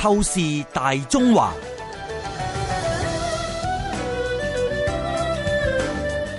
透視大中華。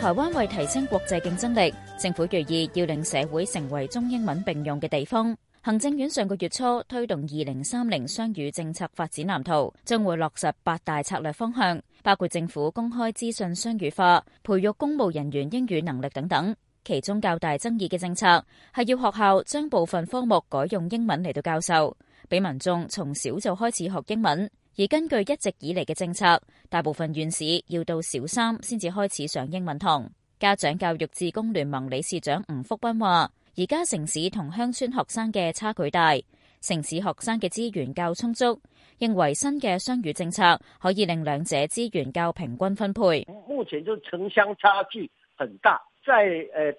台灣為提升國際競爭力，政府決意要令社會成為中英文並用嘅地方。行政院上個月初推動二零三零雙語政策發展藍圖，將會落實八大策略方向，包括政府公開資訊雙語化、培育公務人員英語能力等等。其中較大爭議嘅政策係要學校將部分科目改用英文嚟到教授。俾民眾從小就開始學英文，而根據一直以嚟嘅政策，大部分縣市要到小三先至開始上英文堂。家長教育志工聯盟理事長吳福斌話，而家城市同鄉村學生嘅差距大，城市學生嘅資源較充足，認為新嘅雙語政策可以令兩者資源較平均分配。目前就城鄉差距很大，在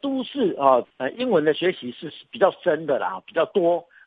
都市啊，英文嘅學習是比較深的啦，比較多。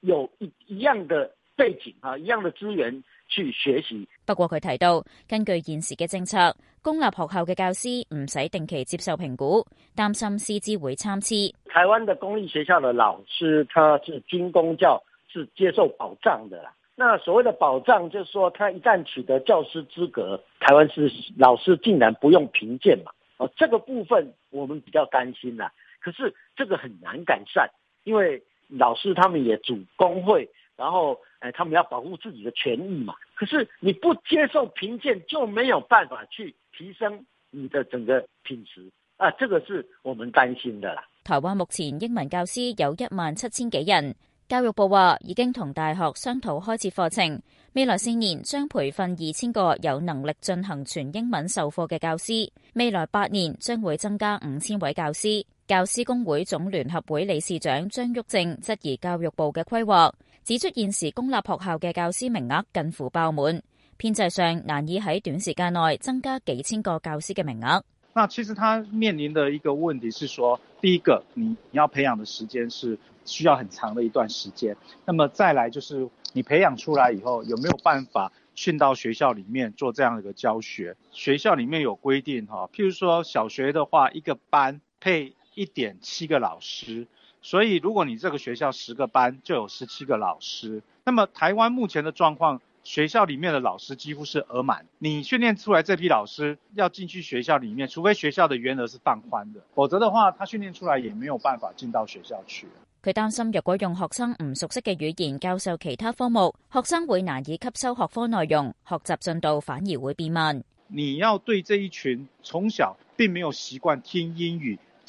有一一樣的背景啊，一樣的資源去學習。不過佢提到，根據現時嘅政策，公立學校嘅教師唔使定期接受評估，擔心師資會參差。台灣的公立學校的老師，他是軍公教，是接受保障的啦。那所謂的保障就是說，就說他一旦取得教師資格，台灣是老師竟然不用評鑑嘛？哦，這個部分我們比較擔心啦。可是這個很難改善，因為。老師他們也組工會，然後誒，他們要保護自己的權益嘛。可是你不接受評鑑，就沒有辦法去提升你的整個品質啊！這個是我們擔心的啦。台灣目前英文教師有一萬七千幾人，教育部話已經同大學商討開設課程，未來四年將培訓二千個有能力進行全英文授課嘅教師，未來八年將會增加五千位教師。教師工會總聯合會理事長張旭政質疑教育部嘅規劃，指出現時公立學校嘅教師名額近乎爆滿，編制上難以喺短時間內增加幾千個教師嘅名額。那其實他面臨的一個問題是說，第一個，你你要培養的時間是需要很長的一段時間，那麼再來就是你培養出來以後，有沒有辦法進到學校裏面做這樣一個教學？學校裏面有規定，哈，譬如說小學嘅話，一個班配。一點七個老師，所以如果你這個學校十個班就有十七個老師，那麼台灣目前的狀況，學校裡面的老師幾乎是額滿。你訓練出來這批老師要進去學校裡面，除非學校的員額是放寬的，否則的話，他訓練出來也沒有辦法進到學校去。佢擔心，若果用學生唔熟悉嘅語言教授其他科目，學生會難以吸收學科內容，學習進度反而會變慢。你要對這一群從小並沒有習慣聽英語。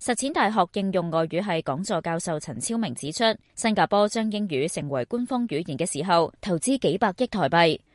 實踐大學應用外語系講座教授陳超明指出，新加坡將英語成為官方語言嘅時候，投資幾百億台幣。